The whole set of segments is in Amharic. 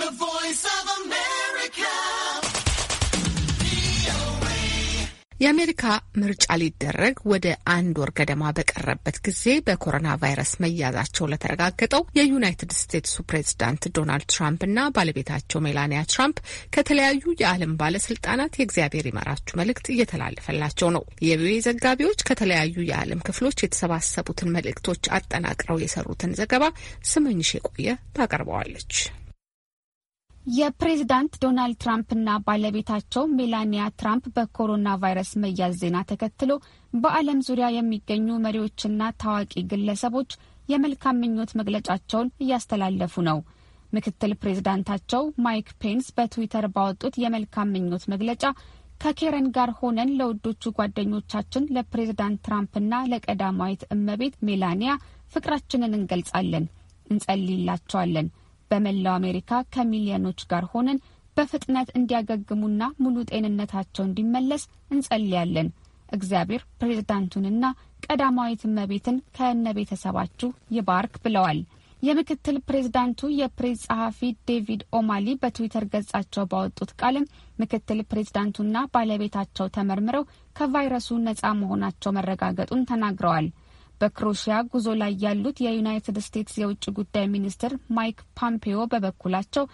The Voice of America. የአሜሪካ ምርጫ ሊደረግ ወደ አንድ ወር ገደማ በቀረበት ጊዜ በኮሮና ቫይረስ መያዛቸው ለተረጋገጠው የዩናይትድ ስቴትሱ ፕሬዝዳንት ዶናልድ ትራምፕ እና ባለቤታቸው ሜላኒያ ትራምፕ ከተለያዩ የዓለም ባለስልጣናት የእግዚአብሔር ይመራችሁ መልእክት እየተላለፈላቸው ነው። የቪኦኤ ዘጋቢዎች ከተለያዩ የዓለም ክፍሎች የተሰባሰቡትን መልእክቶች አጠናቅረው የሰሩትን ዘገባ ስመኝሽ የቆየ ታቀርበዋለች። የፕሬዝዳንት ዶናልድ ትራምፕና ባለቤታቸው ሜላኒያ ትራምፕ በኮሮና ቫይረስ መያዝ ዜና ተከትሎ በዓለም ዙሪያ የሚገኙ መሪዎችና ታዋቂ ግለሰቦች የመልካም ምኞት መግለጫቸውን እያስተላለፉ ነው። ምክትል ፕሬዝዳንታቸው ማይክ ፔንስ በትዊተር ባወጡት የመልካም ምኞት መግለጫ ከኬረን ጋር ሆነን ለውዶቹ ጓደኞቻችን ለፕሬዝዳንት ትራምፕና ለቀዳማዊት እመቤት ሜላኒያ ፍቅራችንን እንገልጻለን፣ እንጸልይላቸዋለን በመላው አሜሪካ ከሚሊዮኖች ጋር ሆነን በፍጥነት እንዲያገግሙና ሙሉ ጤንነታቸው እንዲመለስ እንጸልያለን። እግዚአብሔር ፕሬዝዳንቱንና ቀዳማዊት እመቤትን ከነ ቤተሰባችሁ ይባርክ ብለዋል። የምክትል ፕሬዝዳንቱ የፕሬስ ጸሐፊ ዴቪድ ኦማሊ በትዊተር ገጻቸው ባወጡት ቃልም ምክትል ፕሬዝዳንቱና ባለቤታቸው ተመርምረው ከቫይረሱ ነጻ መሆናቸው መረጋገጡን ተናግረዋል። በክሮሺያ ጉዞ ላይ ያሉት የዩናይትድ ስቴትስ የውጭ ጉዳይ ሚኒስትር ማይክ ፖምፔዮ በበኩላቸው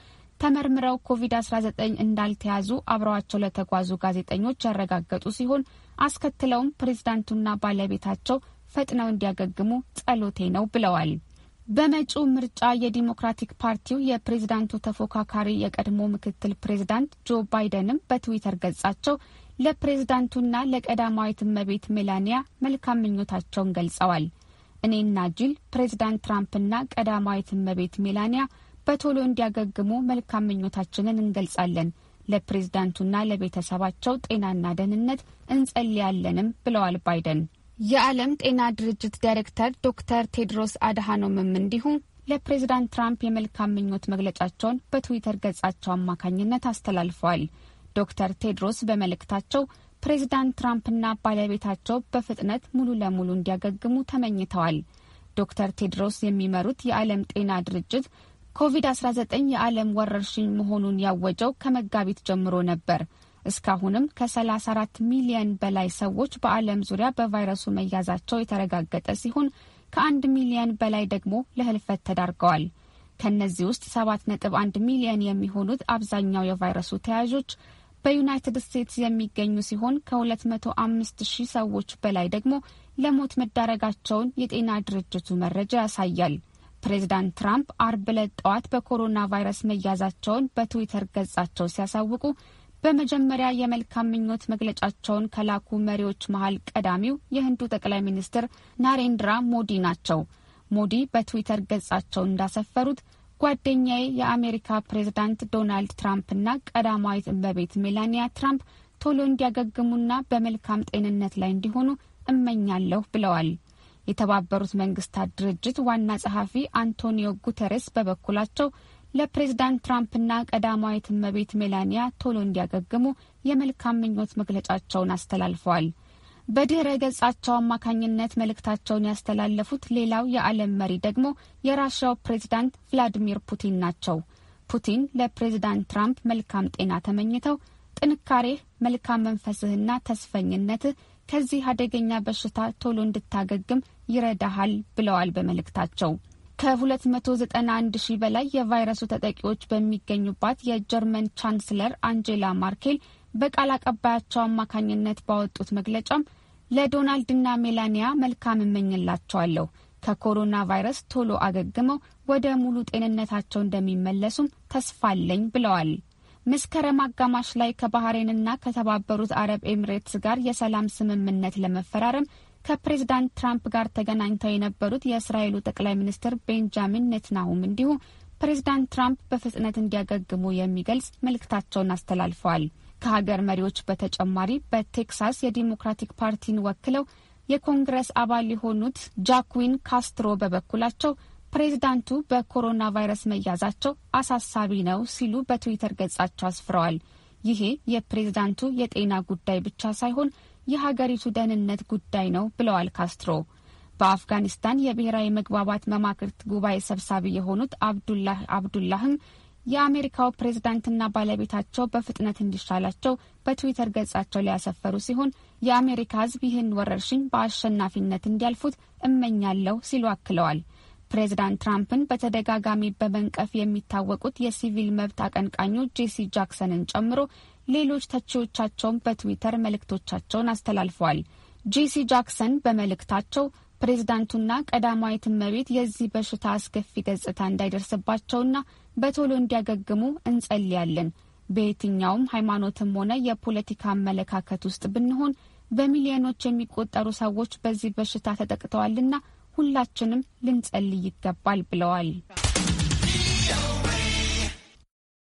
ተመርምረው ኮቪድ-19 እንዳልተያዙ አብረዋቸው ለተጓዙ ጋዜጠኞች ያረጋገጡ ሲሆን አስከትለውም ፕሬዝዳንቱና ባለቤታቸው ፈጥነው እንዲያገግሙ ጸሎቴ ነው ብለዋል። በመጪው ምርጫ የዲሞክራቲክ ፓርቲው የፕሬዝዳንቱ ተፎካካሪ የቀድሞ ምክትል ፕሬዝዳንት ጆ ባይደንም በትዊተር ገጻቸው ለፕሬዝዳንቱና ለቀዳማዊት እመቤት ሜላኒያ መልካም ምኞታቸውን ገልጸዋል። እኔና ጂል ፕሬዝዳንት ትራምፕና ቀዳማዊት እመቤት ሜላኒያ በቶሎ እንዲያገግሙ መልካም ምኞታችንን እንገልጻለን። ለፕሬዝዳንቱና ለቤተሰባቸው ጤናና ደህንነት እንጸልያለንም ብለዋል ባይደን። የዓለም ጤና ድርጅት ዳይሬክተር ዶክተር ቴድሮስ አድሃኖምም እንዲሁ ለፕሬዝዳንት ትራምፕ የመልካም ምኞት መግለጫቸውን በትዊተር ገጻቸው አማካኝነት አስተላልፈዋል። ዶክተር ቴድሮስ በመልእክታቸው ፕሬዚዳንት ትራምፕና ባለቤታቸው በፍጥነት ሙሉ ለሙሉ እንዲያገግሙ ተመኝተዋል። ዶክተር ቴድሮስ የሚመሩት የዓለም ጤና ድርጅት ኮቪድ-19 የዓለም ወረርሽኝ መሆኑን ያወጀው ከመጋቢት ጀምሮ ነበር። እስካሁንም ከ34 ሚሊየን በላይ ሰዎች በዓለም ዙሪያ በቫይረሱ መያዛቸው የተረጋገጠ ሲሆን ከአንድ ሚሊየን በላይ ደግሞ ለህልፈት ተዳርገዋል። ከእነዚህ ውስጥ 7.1 ሚሊየን የሚሆኑት አብዛኛው የቫይረሱ ተያዦች በዩናይትድ ስቴትስ የሚገኙ ሲሆን ከ205 ሺህ ሰዎች በላይ ደግሞ ለሞት መዳረጋቸውን የጤና ድርጅቱ መረጃ ያሳያል። ፕሬዚዳንት ትራምፕ አርብ ዕለት ጠዋት በኮሮና ቫይረስ መያዛቸውን በትዊተር ገጻቸው ሲያሳውቁ በመጀመሪያ የመልካም ምኞት መግለጫቸውን ከላኩ መሪዎች መሀል ቀዳሚው የህንዱ ጠቅላይ ሚኒስትር ናሬንድራ ሞዲ ናቸው። ሞዲ በትዊተር ገጻቸው እንዳሰፈሩት ጓደኛዬ የአሜሪካ ፕሬዝዳንት ዶናልድ ትራምፕና ቀዳማዊት እመቤት ሜላኒያ ትራምፕ ቶሎ እንዲያገግሙና በመልካም ጤንነት ላይ እንዲሆኑ እመኛለሁ ብለዋል። የተባበሩት መንግስታት ድርጅት ዋና ጸሐፊ አንቶኒዮ ጉተሬስ በበኩላቸው ለፕሬዝዳንት ትራምፕና ቀዳማዊት እመቤት ሜላኒያ ቶሎ እንዲያገግሙ የመልካም ምኞት መግለጫቸውን አስተላልፈዋል። በድኅረ ገጻቸው አማካኝነት መልእክታቸውን ያስተላለፉት ሌላው የዓለም መሪ ደግሞ የራሽያው ፕሬዚዳንት ቭላዲሚር ፑቲን ናቸው። ፑቲን ለፕሬዚዳንት ትራምፕ መልካም ጤና ተመኝተው ጥንካሬህ፣ መልካም መንፈስህና ተስፈኝነትህ ከዚህ አደገኛ በሽታ ቶሎ እንድታገግም ይረዳሃል ብለዋል በመልእክታቸው። ከ291 ሺህ በላይ የቫይረሱ ተጠቂዎች በሚገኙባት የጀርመን ቻንስለር አንጄላ ማርኬል በቃል አቀባያቸው አማካኝነት ባወጡት መግለጫም ለዶናልድና ሜላኒያ መልካም እመኝላቸዋለሁ። ከኮሮና ቫይረስ ቶሎ አገግመው ወደ ሙሉ ጤንነታቸው እንደሚመለሱም ተስፋ አለኝ ብለዋል። መስከረም አጋማሽ ላይ ከባህሬንና ከተባበሩት አረብ ኤሚሬትስ ጋር የሰላም ስምምነት ለመፈራረም ከፕሬዝዳንት ትራምፕ ጋር ተገናኝተው የነበሩት የእስራኤሉ ጠቅላይ ሚኒስትር ቤንጃሚን ኔትናሁም እንዲሁ ፕሬዝዳንት ትራምፕ በፍጥነት እንዲያገግሙ የሚገልጽ መልእክታቸውን አስተላልፈዋል። ከሀገር መሪዎች በተጨማሪ በቴክሳስ የዲሞክራቲክ ፓርቲን ወክለው የኮንግረስ አባል የሆኑት ጃኩዊን ካስትሮ በበኩላቸው ፕሬዝዳንቱ በኮሮና ቫይረስ መያዛቸው አሳሳቢ ነው ሲሉ በትዊተር ገጻቸው አስፍረዋል። ይሄ የፕሬዝዳንቱ የጤና ጉዳይ ብቻ ሳይሆን የሀገሪቱ ደህንነት ጉዳይ ነው ብለዋል ካስትሮ። በአፍጋኒስታን የብሔራዊ መግባባት መማክርት ጉባኤ ሰብሳቢ የሆኑት አብዱላህ አብዱላህም የአሜሪካው ፕሬዝዳንትና ባለቤታቸው በፍጥነት እንዲሻላቸው በትዊተር ገጻቸው ላይ ያሰፈሩ ሲሆን የአሜሪካ ሕዝብ ይህን ወረርሽኝ በአሸናፊነት እንዲያልፉት እመኛለሁ ሲሉ አክለዋል። ፕሬዝዳንት ትራምፕን በተደጋጋሚ በመንቀፍ የሚታወቁት የሲቪል መብት አቀንቃኙ ጄሲ ጃክሰንን ጨምሮ ሌሎች ተቺዎቻቸውን በትዊተር መልእክቶቻቸውን አስተላልፈዋል። ጄሲ ጃክሰን በመልእክታቸው ፕሬዝዳንቱና ቀዳማዊት እመቤት የዚህ በሽታ አስከፊ ገጽታ እንዳይደርስባቸውና በቶሎ እንዲያገግሙ እንጸልያለን። በየትኛውም ሃይማኖትም ሆነ የፖለቲካ አመለካከት ውስጥ ብንሆን በሚሊዮኖች የሚቆጠሩ ሰዎች በዚህ በሽታ ተጠቅተዋልና ሁላችንም ልንጸልይ ይገባል ብለዋል።